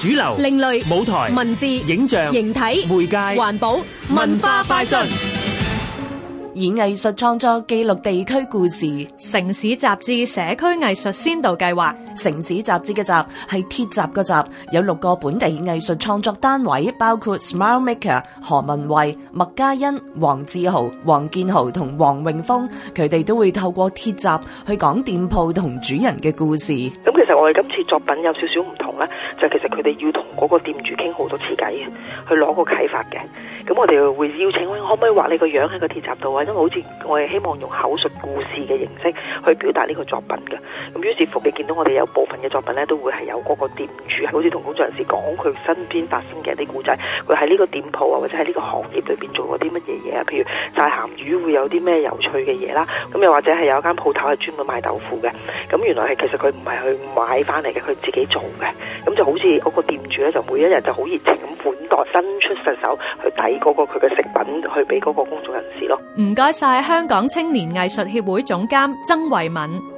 主流、另類舞台、文字、影像、形體、媒介、環保、文化快訊，以藝術創作記錄地區故事。城市雜誌社區藝術先導計劃。城市雜誌嘅集係鐵閘嘅集，有六個本地藝術創作單位，包括 Smart Maker、何文慧、麥嘉欣、黃志豪、黃建豪同黃永峰，佢哋都會透過鐵閘去講店鋪同主人嘅故事。咁其實我哋今次作品有少少唔同。就其實佢哋要同嗰個店主傾好多次偈去攞個啟發嘅。咁我哋會邀請，可唔可以畫你個樣喺個鐵閘度啊？因為好似我哋希望用口述故事嘅形式去表達呢個作品嘅。咁於是乎，你見到我哋有部分嘅作品咧，都會係有嗰個店主，好似同工作人士講佢身邊發生嘅一啲故仔，佢喺呢個店鋪啊，或者喺呢個行業裏邊做過啲乜嘢嘢啊？譬如曬鹹魚會有啲咩有趣嘅嘢啦？咁又或者係有一間鋪頭係專門賣豆腐嘅，咁原來係其實佢唔係去買翻嚟嘅，佢自己做嘅。咁就好似嗰個店主咧，就每一日就好熱情咁款待，伸出隻手去抵嗰個佢嘅食品去俾嗰個工作人士咯。唔該晒，香港青年藝術協會總監曾慧敏。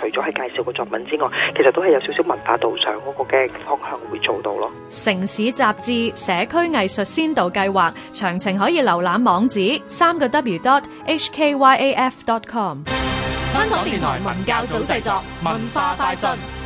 除咗喺介紹個作品之外，其實都係有少少文化導賞嗰個嘅方向會做到咯。城市雜誌社區藝術先導計劃詳情可以瀏覽網址三個 w dot h k y a f dot com。香港電台文教組製作文化快訊。